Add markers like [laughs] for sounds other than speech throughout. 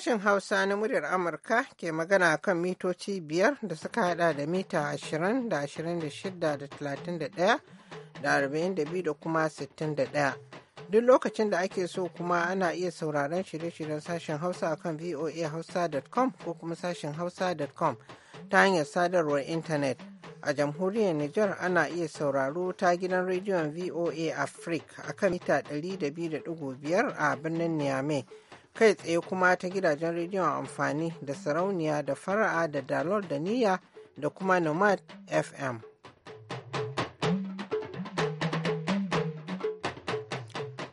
Sashen Hausa na muryar Amurka ke magana kan mitoci biyar da suka hada da mita 20 da 26 da 31 da 42 da kuma 61. Duk lokacin da ake so kuma ana iya sauraron shirye-shiryen sashen Hausa a kan voahausa.com ko kuma sashen hausa.com ta hanyar sadarwar intanet. A jamhuriyar Nijar ana iya sauraro ta gidan rediyon VOA Africa a kan mita 102.5 a birnin Niamey. kai tsaye kuma ta gidajen rediyon amfani da sarauniya da fara'a da dalol da niyya da kuma nomad fm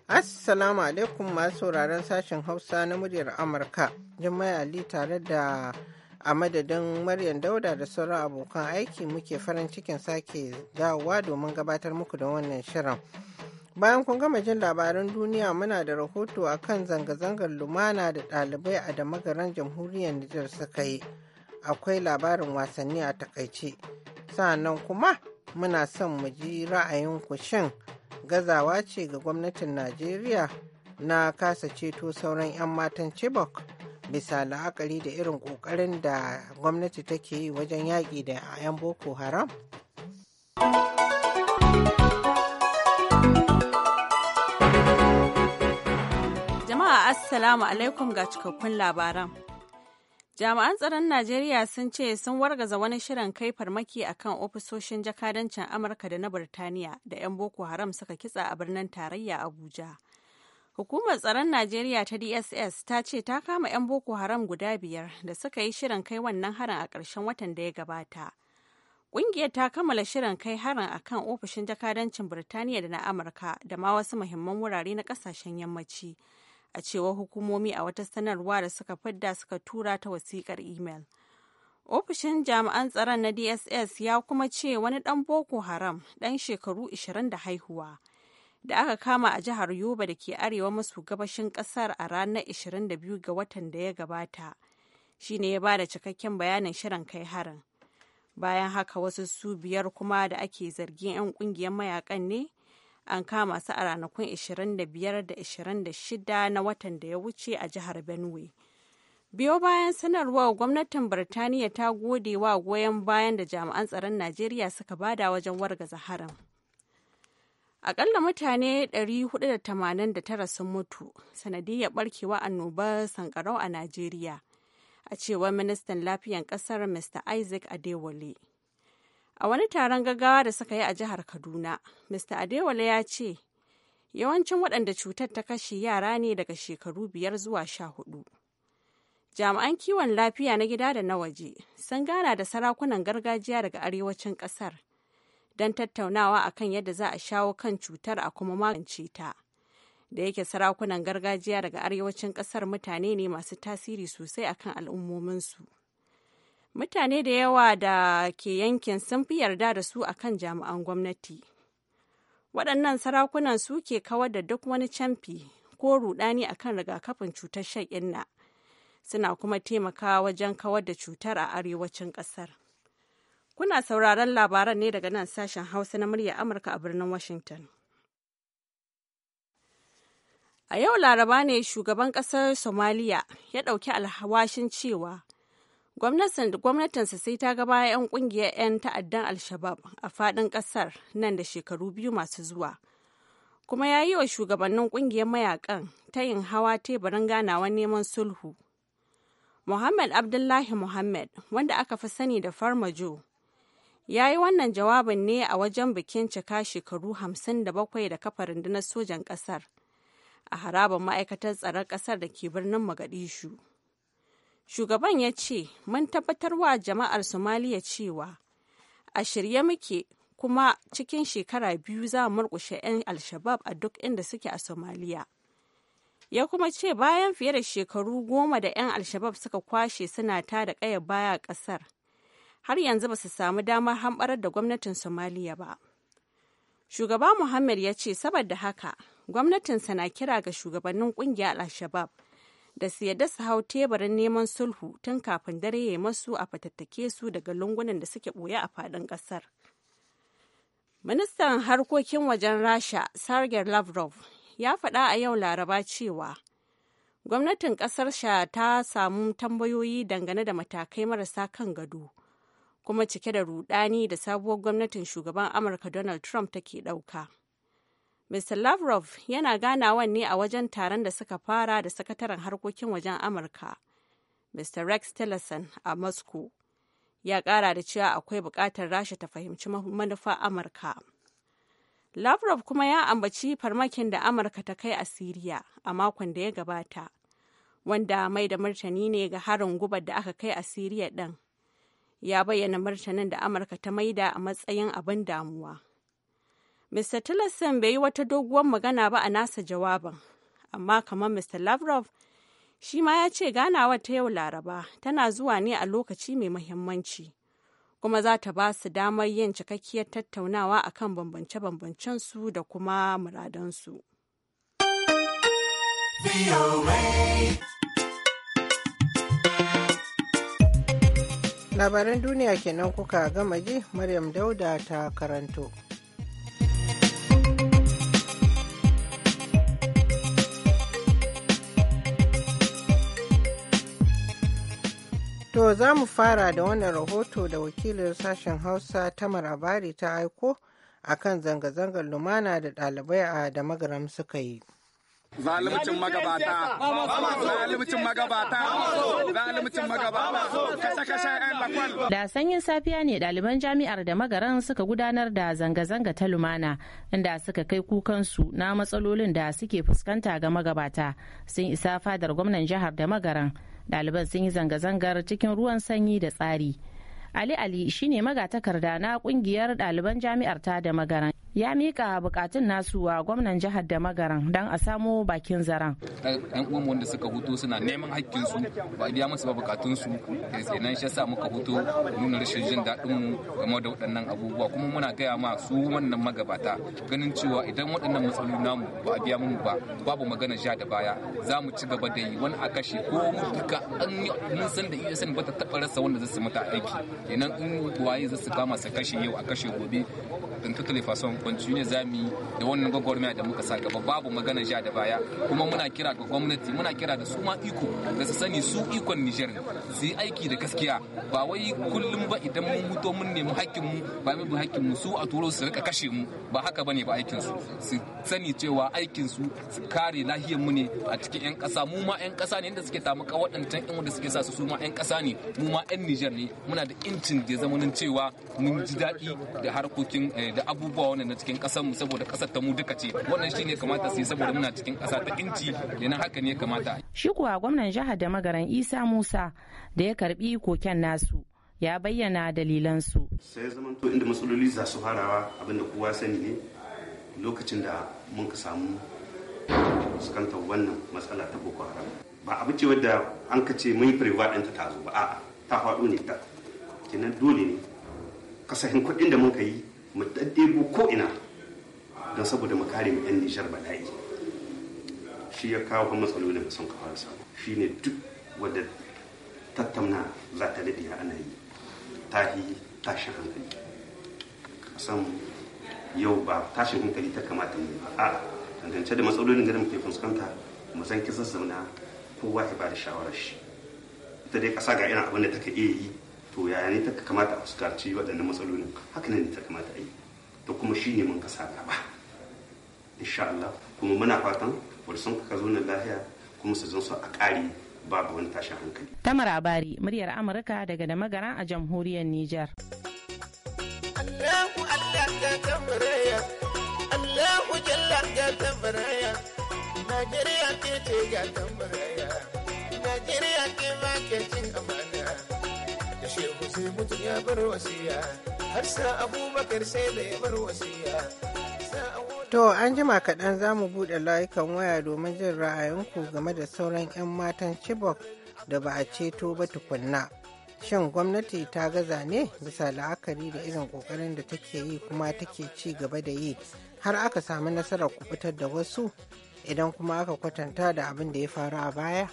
assalamu alaikum masu sauraron sashen hausa na muryar amurka jimai ali tare da a madadin maryam dauda da sauran abokan aiki muke farin cikin sake dawowa domin gabatar muku da wannan shirin Bayan kun gama jin labaran duniya muna da rahoto a kan zanga-zangar lumana da ɗalibai a damagaran jamhuriyar Nijar suka yi. Akwai labarin wasanni a takaice. sannan kuma muna son mu ji ra'ayin shin gazawa ce ga gwamnatin Najeriya na kasa ceto sauran 'yan matan Chibok bisa la'akari da irin ƙoƙarin da gwamnati take yi wajen yaƙi da 'yan Boko Haram? Assalamu alaikum ga cikakkun labaran. Jami'an tsaron Najeriya sun ce sun wargaza wani shirin kai farmaki a kan ofisoshin jakadancin Amurka da na burtaniya da 'yan Boko Haram suka kitsa a birnin tarayya Abuja. Hukumar tsaron Najeriya ta DSS ta ce ta kama 'yan Boko Haram guda biyar da suka yi shirin kai wannan harin a ƙarshen watan da ya gabata. Ƙungiyar ta kammala shirin kai harin a kan ofishin jakadancin Birtaniya da na Amurka da ma wasu muhimman wurare na ƙasashen yammaci a cewar hukumomi a wata sanarwa da suka fadda suka tura ta wasikar imel. Ofishin jami'an tsaron na DSS ya kuma ce wani ɗan Boko Haram ɗan shekaru 20 da haihuwa da aka kama a jihar Yoba da ke arewa masu gabashin ƙasar a ranar 22 ga watan da ya gabata. Shi ne ya bada cikakken bayanin shirin kai harin. Bayan haka wasu su biyar kuma da ake zargin 'yan ƙungiyar mayakan ne an kama su a ranakun 25 da 26 na watan da ya wuce a jihar benue biyo bayan sanarwar gwamnatin birtaniya ta gode wa goyon bayan da jami'an tsaron najeriya suka bada wajen wargaza harin akalla mutane 489 sun mutu sanadiyar barkewa annobar sankarau a najeriya a cewar ministan lafiyan ƙasar mr isaac adewale a wani taron gaggawa da suka yi a jihar kaduna mr adewale ya ce yawancin waɗanda cutar ta kashe yara ne daga shekaru biyar zuwa sha hudu jami'an kiwon lafiya na gida da na waje sun gana da sarakunan gargajiya daga arewacin ƙasar don tattaunawa a kan yadda za a shawo kan cutar a kuma magance ta da yake sarakunan gargajiya daga arewacin ƙasar mutane ne masu tasiri sosai akan al'ummominsu. mutane da yawa da ke yankin sun fi yarda da su akan jami'an gwamnati waɗannan sarakunan su ke kawar da duk wani camfi ko rudani akan rigakafin cutar shan inna suna kuma taimakawa wajen kawar da cutar a arewacin ƙasar kuna sauraron labaran ne daga nan sashen hausa na murya amurka a birnin washington a yau laraba ne shugaban ƙasar somaliya ya ɗauki alhawashin cewa Gwamnatinsa sai ta gaba 'yan kungiyar 'yan ta'addan Alshabab a faɗin ƙasar nan da shekaru biyu masu zuwa. Kuma ya yi wa shugabannin kungiyar mayakan ta yin hawa teburin ganawa neman sulhu. Muhammad Abdullahi Muhammad, wanda aka fi sani da Farmajo, ya yi wannan jawabin ne a wajen bikin cika shekaru hamsin da bakwai da kafa rundunar sojan ƙasar a harabar ma'aikatar tsaron ƙasar da ke birnin Magadishu. shugaban ya ce mun tabbatar wa jama'ar somaliya cewa a shirye muke kuma cikin shekara biyu za mu murkushe 'yan alshabab a duk inda suke a somaliya ya kuma ce bayan fiye da shekaru goma da 'yan alshabab suka kwashe suna ta da kaya baya a ƙasar har yanzu ba su samu damar hamɓarar da gwamnatin somaliya ba shugaba muhammad ya ce saboda haka gwamnatinsa na kira ga shugabannin ƙungiyar al-shabab da su yadda su hau teburin neman sulhu tun kafin dare ya masu a fatattake su daga lungunan da suke ɓoye a faɗin ƙasar. Ministan harkokin wajen Rasha, Sergei Lavrov, ya faɗa a yau Laraba cewa gwamnatin ƙasar sha ta samu tambayoyi dangane da matakai marasa kan gado, kuma cike da rudani da sabuwar gwamnatin shugaban Amurka Donald Trump take ɗauka. Mr. Lavrov yana ganawan ne a wajen taron da suka fara da sakataren harkokin wajen Amurka, Mr. Rex Tillerson a Moscow. Ya ƙara da cewa akwai buƙatar Rasha ta fahimci manufa Amurka. Lavrov kuma ya ambaci farmakin da Amurka ta kai a Siriya a makon da ya gabata, wanda mai da martani ne ga harin gubar da aka kai a Siriya ɗin. Ya bayyana martanin da Amurka ta maida a matsayin abin damuwa. Mr. Tillerson bai yi wata doguwar magana ba a nasa jawabin, amma kamar Mr. Lavrov shi ma ya ce ganawa ta yau Laraba tana zuwa ne a lokaci mai mahimmanci kuma za ta ba su damar yin cikakkiyar tattaunawa a kan bambance-bambancen su da kuma muradansu. Labaran duniya kenan kuka gama ji Maryam Dauda ta karanto. To za mu fara da wannan rahoto da wakilin sashen Hausa ta marabari ta aiko a kan zanga-zangar lumana da ɗalibai a da magaram suka yi. zalimcin magabata zalimcin magabata zalimcin magabata kashe da sanyin safiya ne ɗaliban jami'ar da magaran suka gudanar da zanga-zanga ta lumana inda suka kai kukansu na matsalolin da suke fuskanta ga magabata sun isa fadar gwamnan jihar da magaran ɗaliban sun yi zanga-zangar cikin ruwan sanyi da tsari ali ali shine magatakarda na kungiyar ɗaliban jami'ar ta da magaran ya mika bukatun nasu wa gwamnan jihar da magaran don a samo bakin zaren. Yan uwan wanda suka hutu suna neman hakkinsu ba a biya musu ba bukatunsu da eh, tsanan shi sa muka hutu nuna rashin jin mu game da waɗannan abubuwa kuma muna gaya ma su wannan magabata ganin cewa idan waɗannan matsaloli namu ba a biya mu ba babu magana sha da baya za mu ci gaba da yi wani a kashe ko mu duka an mun san da ESN ba ta taɓa rasa wanda zai su mata aiki idan in waye zai su kama su kashe yau a kashe gobe don fason continue za mu yi da wannan gwagwarmaya da muka sa gaba babu magana ja da baya kuma muna kira ga gwamnati muna kira da su ma iko da su sani su ikon Nijar su yi aiki da gaskiya ba wai kullum ba idan mun mutu mun nemi hakkin mu ba mu hakkin mu su a turo su rika kashe mu ba haka bane ba aikin su su sani cewa aikin su su kare lahiyar mu ne a cikin yan kasa mu ma yan kasa ne inda suke ta muka waɗancan yan wanda suke sa su su ma yan kasa ne mu ma yan Nijar ne muna da incin da zamanin cewa mun ji daɗi da harkokin eh, da abubuwa wannan cikin kasar mu saboda kasar ta mu duka ce wannan shine kamata su yi saboda muna cikin kasa ta inci kenan haka ne kamata shi kuwa gwamnan jihar da magaran Isa Musa da ya karbi koken nasu ya bayyana dalilansu sai zamanto inda matsaloli za su farawa abinda kowa sani ne lokacin da mun ka samu fuskantar wannan matsala ta boko haram ba abu ce wadda an ka ce mun firwa ɗinta ta zo ba a'a ta faɗo ne ta kenan dole ne kasahin kuɗin da muka yi mu daddebo ko ina don saboda mu kare mu yan nijar bala'i shi ya kawo matsaloli da sun kawo samu shi ne duk wadda tattauna za ta daɗe ana yi tahi tashin hankali kasan yau ba tashin hankali ta kamata mu ba a dangance da matsalolin da muke fuskanta mu san kisan zauna kowa ya ba da shawarar shi ita dai ƙasa ga yana abin da take iya yi to yaya ne ta kamata a fuskarci waɗannan matsalolin haka ne ta kamata a yi to kuma shi ne mun kasa gaba insha Allah kuma muna fatan walisan ka zo na lafiya kuma su zan so a ƙari babu wani tashin hankali tamar abari muryar amurka daga da magara a jamhuriyar niger Allahu Allah ka tambaraya Allahu Jalla ka tambaraya Najeriya ke ce ga tambaraya Najeriya ke ma To an jima kaɗan za mu buɗe layukan waya domin jin ra'ayinku game da sauran 'yan matan Chibok da ba a ceto ba tukunna. Shin gwamnati ta gaza ne bisa la'akari da irin ƙoƙarin da take yi kuma take ci gaba da yi har aka sami nasarar kubutar da wasu idan kuma aka kwatanta da abin da ya faru a baya?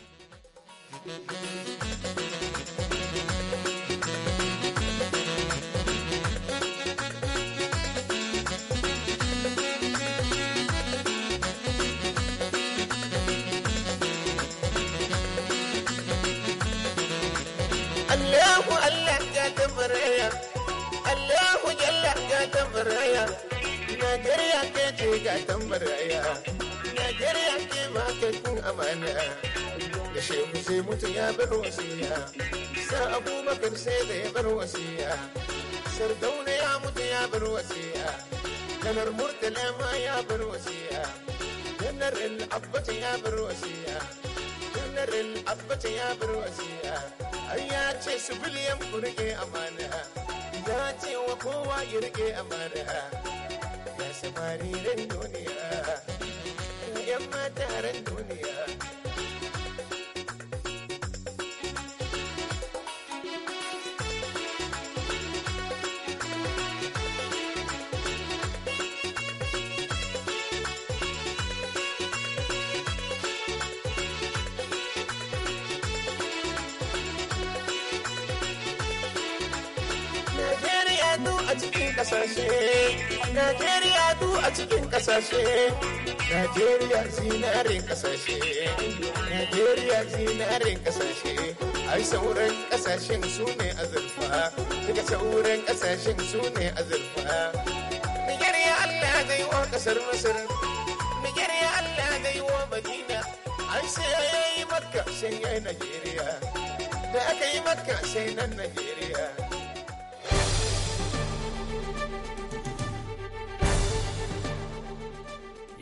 tambaya Allahu jalla ga tambaya Najeriya ke ce ga tambaya Najeriya ke ma ke kun amana da shehu sai mutu ya bar wasiya sa abubakar sai da ya bar wasiya sardauna ya mutu ya bar wasiya kanar murtala ma ya bar wasiya kanar al'abbata ya bar wasiya kanar al'abbata ya bar wasiya har ya ce su biliyan ku rike amana ya ce wa kowa ya rike amana ya samari duniya yan mata ran duniya kasashe Najeriya du a cikin kasashe Najeriya zinarin kasashe Najeriya zinarin kasashe ai sauran kasashen su ne azurfa daga sauran kasashen su ne azurfa Niger ya Allah zai wa kasar Masar Niger ya Allah zai wa Madina ai sai yayi Makka sai yayi Najeriya da aka yi Makka sai nan Najeriya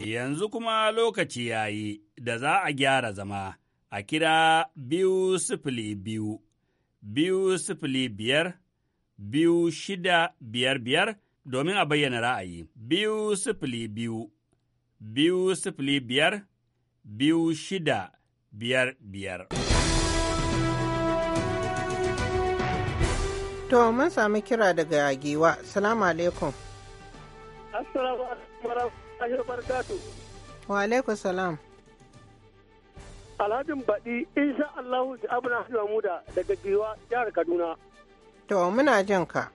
Yanzu kuma lokaci ya yi da za a gyara zama a kira biyu sifili biyu, biyu sifili biyar, biyu shida biyar biyar domin a bayyana ra'ayi. Biyu sifili biyu, biyu sifili biyar, biyu shida biyar biyar. To, mun sami kira daga Giwa. Salamu alaikum. Assalamu alaikum. warahmatullahi wabarakatuh. Wa alaikum salam. Alhajin baɗi insha Allah da abin da daga giwa jihar Kaduna. To muna jin ka.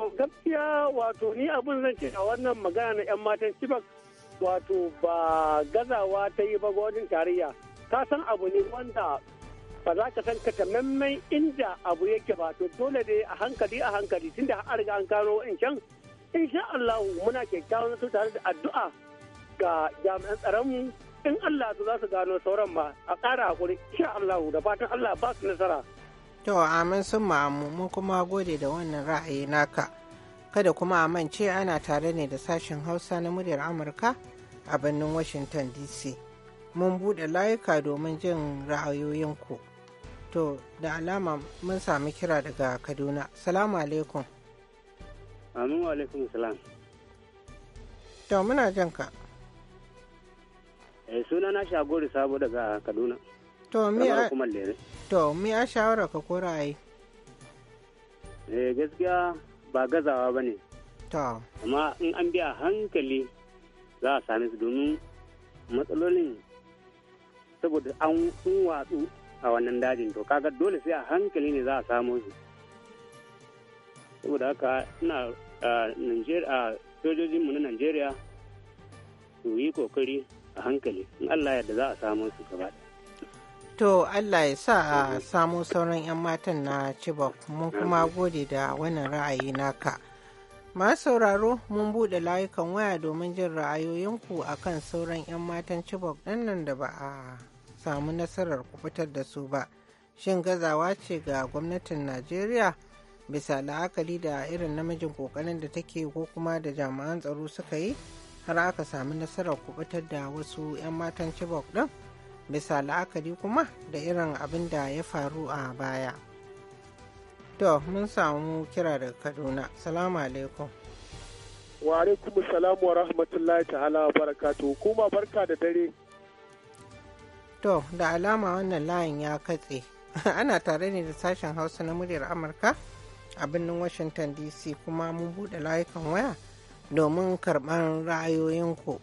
Gaskiya wato ni abin zan ce a wannan magana na 'yan matan cibak wato ba gazawa ta yi ba gwajin tarayya. Ka san abu ne wanda ba za ka san katamammen inda abu yake ba to dole dai a hankali a hankali tunda har riga an gano in can insha Allah muna kyakkyawan su tare da addu'a ga jami'an tsaron mu in Allah su za su gano sauran ma a ƙara hakuri insha Allah da fatan Allah ba su nasara to amin sun ma'amu mun kuma gode da wannan ra'ayi naka kada kuma a mance ana tare ne da sashen hausa na muryar amurka a birnin washington dc mun buɗe layuka domin jin ra'ayoyinku to da alama mun sami kira daga kaduna salamu alaikum Amin wa alaikum salam. To muna jan ka. Eh, suna na shagori sabo daga Kaduna. To mi a To mi a shawara ka ko ra'ayi? Eh gaskiya ba gazawa ba ne. To. Amma in an biya hankali za a same su domin matsalolin saboda an watsu a wannan dajin to kaga dole sai a hankali ne za a samo su. saboda haka ina a sojojinmu na najeriya su yi kokari a hankali in allah yadda za a samu su gaba to allah ya sa a samu sauran 'yan matan na chibok mun kuma gode da wannan ra'ayi naka masu sauraro mun buɗe layukan waya domin jin ra'ayoyinku kan sauran 'yan matan chibok ɗin nan da ba a samu nasarar ku fitar da su ba shin gazawa ce ga gwamnatin najeriya bisa la'akari da irin namijin kokarin da take ko kuma da jami'an tsaro suka yi har aka sami nasarar kubutar da wasu 'yan matan chibok din bisa la'akari kuma da irin abin da ya faru a baya to mun samu kira daga kaduna salamu alaikum wa alaikum salamu wa rahmatullahi ta'ala wa kuma barka da dare to da alama wannan layin ya katse [laughs] ana tare ne da sashen hausa na muryar amurka a birnin washington dc kuma mun bude layukan waya domin karban ra'ayoyinku.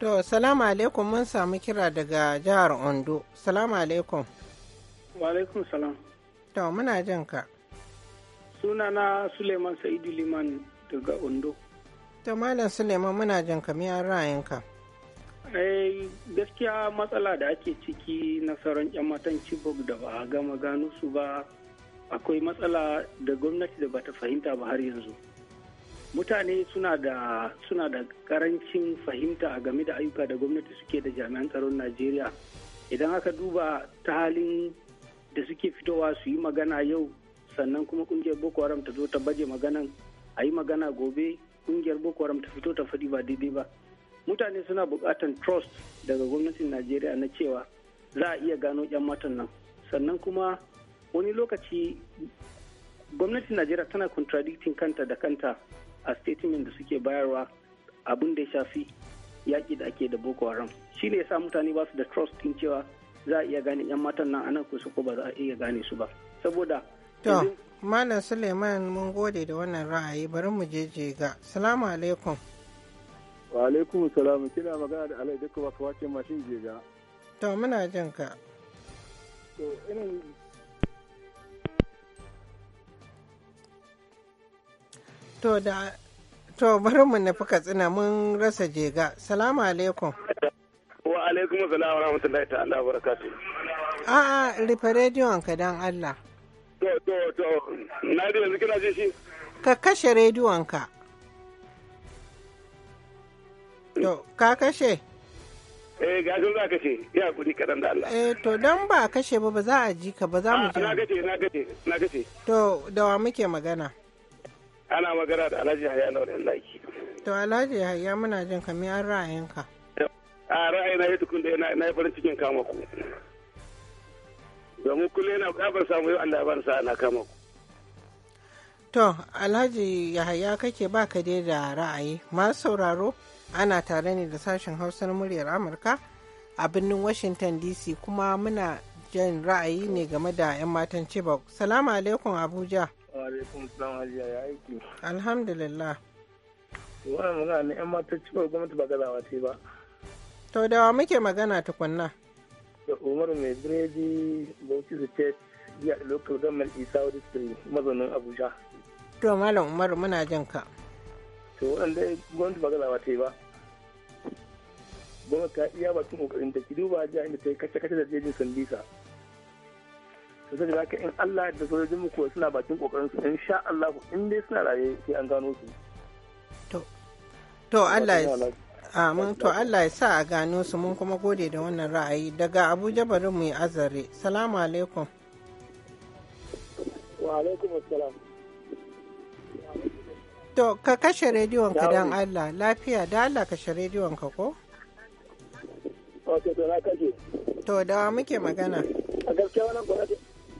To, salamu alaikum mun samu kira daga jihar Ondo. Salamu alaikum. Wa alaikum salam. To, muna jin ka. Sunana Suleiman Sa'idu Liman daga Ondo. To, Malam Suleiman muna jin ka miyar ra'ayinka. Eh, gaskiya matsala da ake ciki na sauran 'yan matan Chibok da ba a gama gano su ba akwai matsala da gwamnati da ba ta fahimta ba har yanzu. mutane suna da karancin fahimta a game da ayyuka da gwamnati suke da jami'an tsaron najeriya idan aka duba ta halin da suke fitowa su yi magana yau sannan kuma kungiyar boko haram ta zo ta baje maganan a yi magana gobe kungiyar boko haram ta fito ta faɗi ba daidai ba mutane suna bukatan trust daga gwamnatin najeriya na cewa za a iya gano 'yan matan nan sannan kuma wani lokaci gwamnatin najeriya tana contradicting kanta da kanta a statement da suke bayarwa abin da ya shafi yaƙi da ake da boko haram shi ne sa mutane ba su da trust din cewa za a iya gane yan matan nan anan kusa ko ba za a iya gane su ba saboda to malam suleiman mun gode da wannan ra'ayi bari mu je je ga salamu alaikum wa alaikum salam kina magana da alai duka ba kawace mashin je ga to muna jin ka to irin To da to bari mu nufi katsina mun rasa jega. Salamu alaikum. Wa alaikum salam wa rahmatullahi ta'ala wa barakatuh. A'a rufe rediyon ka dan Allah. To to to na da yanzu kina jin shi. Ka kashe rediyon ka. To ka kashe. eh gashin za ka ce ya kudi kaɗan da Allah. eh to don ba kashe ba ba za a ji ka ba za mu ah, ji. na kashe, na kashe, na kashe. to da wa muke magana. ana magana da alhaji haya na wadanda laiki to alhaji haya muna jin ka me an ra'ayinka a ra'ayi na yi tukun da na yi farin cikin kama ku domin kullum yana kafar samu yau allah ban sa ana kama ku to alhaji yahaya kake ba ka dai da ra'ayi masu sauraro ana tare ne da sashen hausar muryar amurka a birnin washington dc kuma muna jan ra'ayi ne game da 'yan matan chibok salamu alaikum abuja alaikum salam hajiya ya aiki alhamdulillah wannan magana ne yan mata cikin gwamnati ba gazawa ce ba to da wa muke magana tukunna da umar mai biredi bauchi su ce ya local government isa wadda su mazaunin abuja to malam umar muna jin ka to waɗanda gwamnati ba gazawa ta yi ba gwamnati ta iya bakin kokarin ta ki duba jiya inda ta yi kace kace da jejin sandisa to sai haka in Allah da sojojin mu kuwa suna bakin kokarin su sha Allah in dai suna raye sai an gano su to to Allah ya mun to Allah ya sa a gano su mun kuma gode da wannan ra'ayi daga Abuja bari mu yi azare salamu alaikum wa alaikum assalam to ka kashe rediyon ka dan Allah lafiya da Allah kashe rediyon ka ko to to da muke magana a gaskiya wannan gwamnati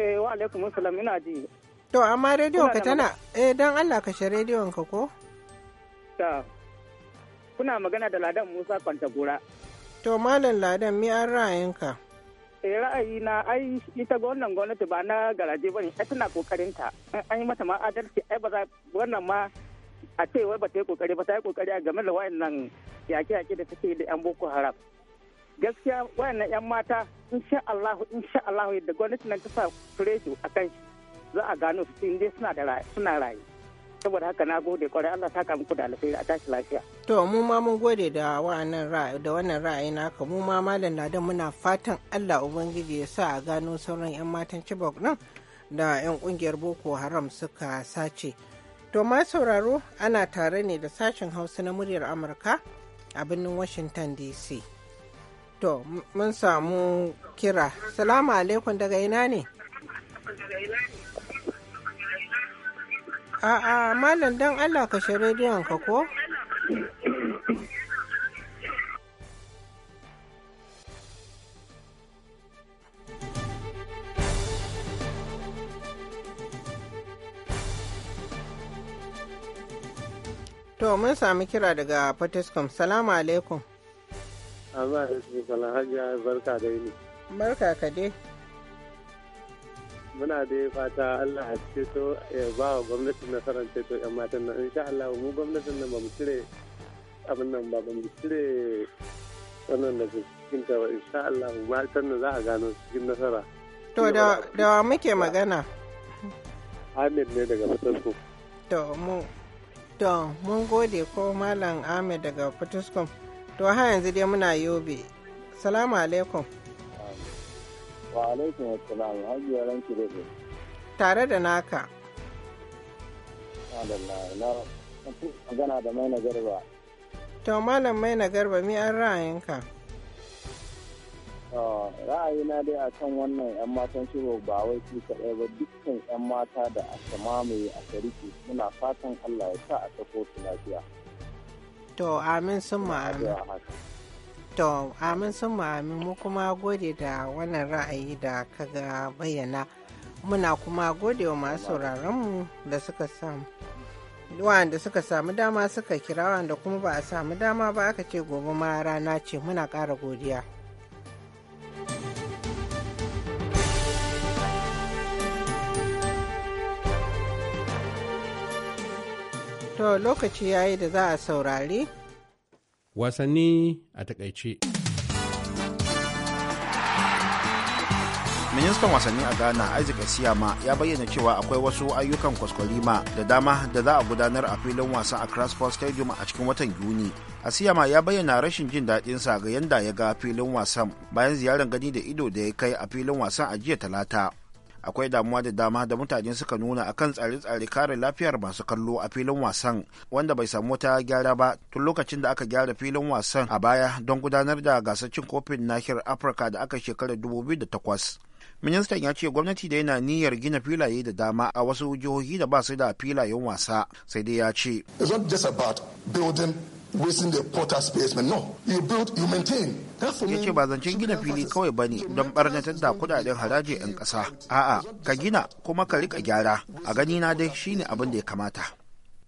Eh wa alaikum assalam ina ji. To amma rediyon ka tana eh dan Allah ka share rediyon ka ko? Ta. Kuna magana da Ladan Musa Kwantagora. To malam Ladan mi an ra'ayinka? Eh ra'ayi na ai ita ga wannan gwamnati ba na garaje ba ne ai tana kokarin ta. An yi mata ma adalci ai ba za wannan ma a ce wai ba ta yi kokari ba ta yi kokari a game da nan yaƙe-yaƙe da suke da 'yan Boko Haram. gaskiya wayannan 'yan mata insha Allahu insha Allahu yadda gwamnati nan ta sa furejo a shi za a gano su inda suna da suna rayu saboda haka na gode kwarai Allah saka muku da alheri a tashi lafiya to mu ma mun gode da wannan ra'ayi da wannan ra'ayi naka mu ma malam ladan muna fatan Allah ubangiji ya sa a gano sauran 'yan matan Chibok nan da 'yan kungiyar Boko Haram suka sace to ma sauraro ana tare ne da sashen Hausa na muryar Amurka a birnin Washington DC To, mun samu kira. Salamu alaikum daga ina ne? 'a malam don Allah ka shi rediyon ka ko? To, mun sami kira daga Fatiskum. Salamu alaikum. Amma da su hajiya barka da yini. Barka ka dai. Muna da fata Allah a ceto ya ba wa gwamnatin nasarar ceto 'yan matan nan. Insha Allah mu gwamnatin nan ba mu cire abin nan ba ba mu cire wannan da cikin ta ba insha Allah matan nan za a gano cikin nasara. To da wa muke magana. Ahmed ne daga Fataskum. To mu to mun gode ko Malam Ahmed daga Fataskum. to ha yanzu dai muna yobe salamu alaikum wa alaikum assalam hajiya ranki da tare da naka magana da maina garba to malam maina garba mi an ra'ayinka ra'ayina dai a kan wannan 'yan matan shiro ba wai su kaɗai ba dukkan 'yan mata da aka mamaye a tariki muna fatan allah ya sa a sako su lafiya to amin sun amin to amin sun amin mu kuma gode da wannan ra'ayi da kaga bayyana muna kuma gode wa masu sauraronmu da suka samu wanda suka samu dama suka kira wanda kuma ba a samu dama ba aka ce gobe ma rana ce muna ƙara godiya. To lokaci ya yi da za a saurari. Wasanni a takaice. Ministan wasanni a Ghana Isaac Siyama ya bayyana cewa akwai wasu ayyukan kwaskwarima da dama da za a gudanar a filin wasa a Crossport Stadium a cikin watan Yuni. Asiyama ya bayyana rashin jin daɗinsa ga yadda ya ga filin wasan bayan ziyarar gani da ido da ya kai a filin wasan a jiya talata. akwai damuwa da dama da mutane suka nuna a kan tsare-tsare kare lafiyar masu kallo a filin wasan wanda bai samu wata gyara ba tun lokacin da aka gyara filin wasan a baya don gudanar da gasar cin kofin nahiyar afirka da aka shekarar dubu biyu da takwas. ministan ya ce gwamnati da yana niyyar gina filaye da dama a wasu jihohi da ba su da filayen wasa sai dai ya ce ya ce ba zancen gina fili kawai ba ne don barnatar da kudaden haraji 'yan ƙasa a'a ka gina kuma ka rika gyara a gani na dai shine abin da ya kamata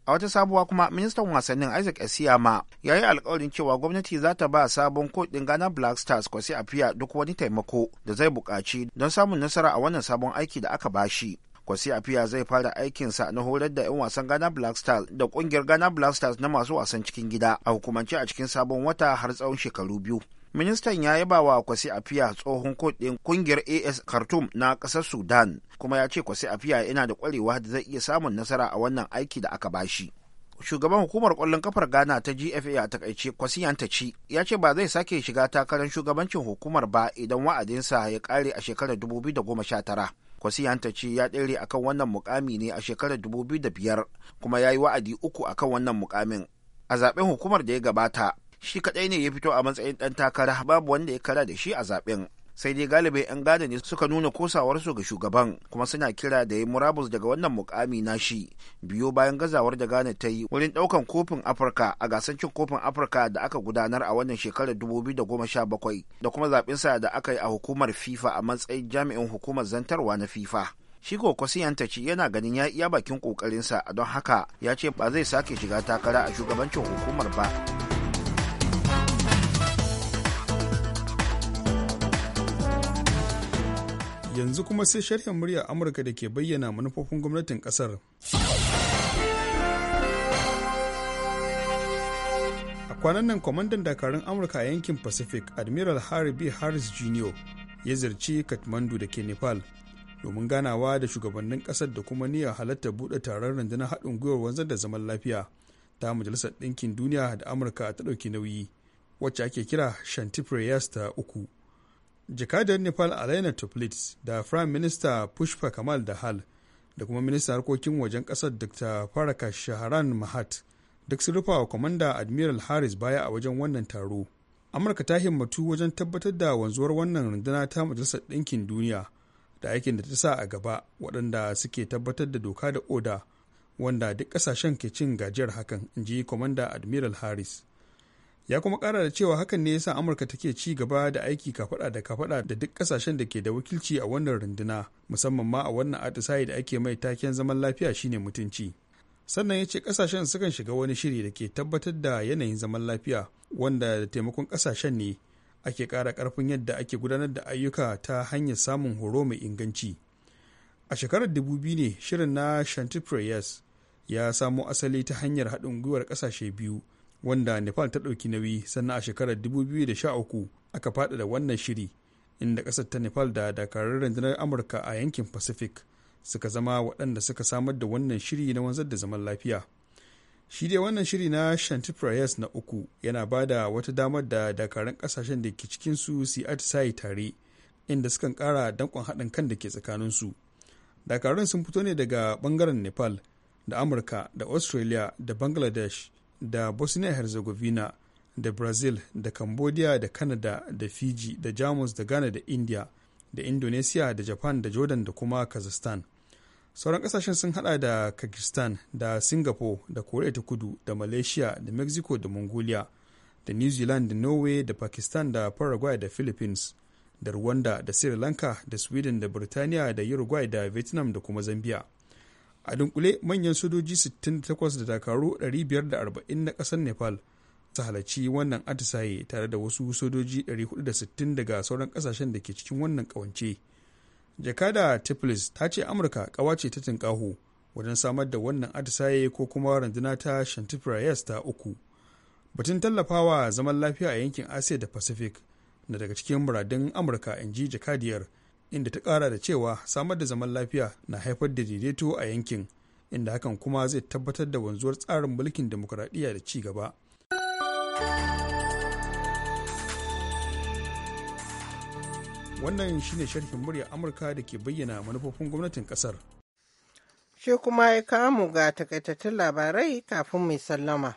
a wata sabuwa kuma ministan wasannin isaac esiyama ya yi alkawarin cewa gwamnati za ta ba sabon kudin ghana black stars kwasi afiya duk wani taimako da zai buƙaci don samun nasara a wannan sabon aiki da aka bashi kwasi afiya zai fara aikinsa na horar da 'yan wasan ghana black stars da kungiyar ghana black stars na masu wasan cikin gida a hukumance a cikin sabon wata har tsawon shekaru biyu ministan ya yaba wa kwasi afiya tsohon kudin kungiyar as khartoum na kasar sudan kuma ya ce kwasi afiya yana da kwarewa da zai iya samun nasara a wannan aiki da aka bashi shugaban hukumar kwallon kafar ghana ta gfa a takaice kwasiyanta ci ya ce ba zai sake shiga takarar shugabancin hukumar ba idan wa'adinsa ya kare a shekarar 2019 kwasi ce ya ɗere kan wannan mukami ne a shekarar 2005 kuma ya yi wa'adi uku a kan wannan mukamin a zaben hukumar da ya gabata shi kaɗai ne ya fito a matsayin ɗan takara babu wanda ya kara da shi a zaben sai dai galibai 'yan gada ne suka nuna kosawarsu ga shugaban kuma suna kira da ya murabus daga wannan mukami nashi biyo bayan gazawar da ghana ta yi wurin daukan kofin afirka a gasar cin kofin afirka da aka gudanar a wannan shekarar 2017 da kuma sa da aka yi a hukumar fifa a matsayin jami'in hukumar zantarwa na fifa shi kwasiyanta ci yana ganin ya iya bakin kokarinsa don haka ya ce ba zai sake shiga takara a shugabancin hukumar ba. Yanzu kuma sai sharhin murya Amurka da ke bayyana manufofin gwamnatin kasar. A kwanan nan kwamandan dakarun Amurka a yankin Pacific, Admiral Harry B. Harris Jr. ya zirci Kathmandu da ke Nepal domin ganawa da shugabannin kasar da kuma niyyar halatta buɗe taron rundunar haɗin gwiwar wanzar da zaman lafiya ta majalisar ɗinkin duniya da amurka ta ɗauki nauyi wacce ake kira shanti prayers ta uku jakadar nepal alaina tuplit da prime minister pushpa kamal dahal da kuma ministan harkokin wajen kasar dr faraka shaharan mahat duk sun rufa wa kwamanda admiral harris baya a wajen wannan taro amurka ta himmatu wajen tabbatar da wanzuwar wannan runduna ta majalisar ɗinkin duniya da aikin da ta sa a gaba waɗanda suke tabbatar da doka da oda wanda duk ƙasashen ke cin gajiyar hakan in ji kwamanda admiral harris ya kuma kara da cewa hakan ne yasa amurka take ci gaba da aiki kafada da kafada da duk kasashen da ke da wakilci a wannan runduna musamman ma a wannan atisaye da ake mai taken zaman lafiya shine mutunci sannan ya ce kasashen sukan shiga wani shiri da ke tabbatar da yanayin zaman lafiya wanda da taimakon kasashen ne ake kara karfin yadda ake gudanar da ayyuka ta hanyar samun horo mai inganci a shekarar dubu biyu ne shirin na shanti ya samo asali ta hanyar haɗin gwiwar ƙasashe biyu wanda nepal ta ɗauki nauyi sannan a shekarar 2013 aka faɗaɗa wannan shiri inda ƙasar ta nepal da dakarar rundunar amurka a yankin pacific suka zama waɗanda suka samar da wannan shiri na wanzar da zaman lafiya shi dai wannan shiri na shanti prayers na uku yana ba da wata damar da dakarun ƙasashen da ke cikin su atisayi tare inda sukan kara dankon haɗin kan da ke tsakaninsu dakarun sun fito ne daga ɓangaren nepal da amurka da australia da bangladesh da bosnia herzegovina da brazil da cambodia da canada da fiji da jamus da ghana da india da indonesia da japan da jordan da kuma kazakhstan sauran kasashen sun hada da kakistan da singapore da korea ta kudu da malaysia da mexico da mongolia da new zealand da norway da pakistan da paraguay da philippines da rwanda da sri lanka da sweden da burtaniya da uruguay da vietnam da kuma zambia a dunkule manyan sojoji 68 da dakaru 540 na ƙasar nepal su halarci wannan atisaye tare da wasu sojoji 460 daga sauran kasashen da ke cikin wannan kawance. jakada tiflis ta ce amurka ce ta tinkaho wajen samar da wannan atisaye ko kuma randuna ta shantifrayas ta uku batun tallafawa zaman lafiya a yankin asiya da pacific na daga cikin muradun amurka in ji jakadiyar inda ta kara da cewa samar da zaman lafiya na haifar da daidaito a yankin inda hakan kuma zai tabbatar da wanzuwar tsarin mulkin demokuraɗiyya da ci gaba. Wannan shine sharhin murya Amurka da ke bayyana manufofin gwamnatin kasar. Shi kuma ya kamu ga takaitattun labarai kafin mai sallama.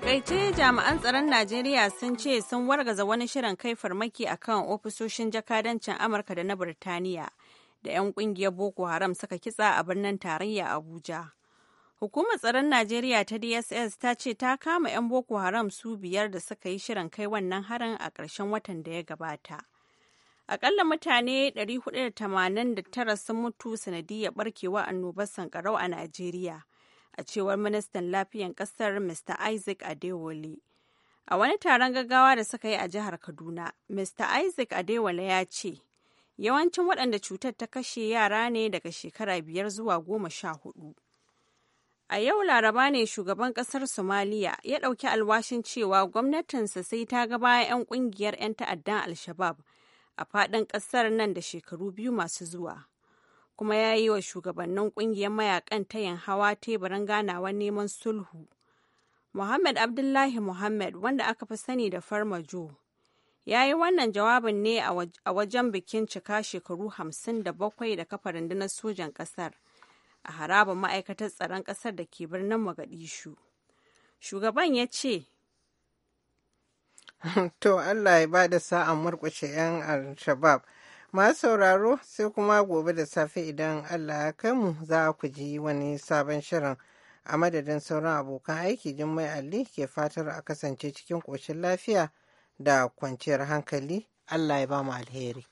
takaice jami'an tsaron Najeriya sun ce sun wargaza wani shirin kai farmaki a kan ofisoshin jakadancin Amurka da na Birtaniya da 'yan kungiyar Boko Haram suka kitsa a birnin tarayya Abuja. Hukumar tsaron Najeriya ta DSS ta ce ta kama 'yan Boko Haram su biyar da suka yi shirin kai wannan harin a ƙarshen watan da ya gabata. Akalla mutane 489 sun mutu sanadiyar barkewa annobar sankarau a Najeriya. a cewar ministan lafiyan kasar Mr. Isaac Adewale. A wani taron gaggawa da suka yi a jihar Kaduna, Mr. Isaac Adewale ya ce, yawancin waɗanda cutar ta kashe yara ne daga shekara biyar zuwa goma sha hudu. A yau Laraba ne shugaban ƙasar Somaliya ya ɗauki alwashin cewa gwamnatinsa sai ta ga 'yan ƙungiyar 'yan ta'addan Al-Shabab a faɗin ƙasar nan da shekaru biyu masu zuwa. kuma ya yi wa shugabannin kungiyar mayakan tayin hawa teburin ganawa neman sulhu. Muhammad Abdullahi Muhammad wanda aka fi sani da Farmajo ya yi wannan jawabin ne a wajen bikin cika shekaru hamsin da bakwai da kafa rundunar sojan ƙasar a harabar ma'aikatar tsaron ƙasar da ke birnin Magadishu. Shugaban ya ce, [laughs] To Allah ya ba da sa'an murkushe 'yan al-Shabab. Masu sauraro sai kuma gobe da safe idan Allah ya kai mu za ku ji wani sabon shirin a madadin sauran abokan aiki Jummai Ali ke fatar a kasance cikin ƙoshin lafiya da kwanciyar hankali. Allah ya ba mu alheri.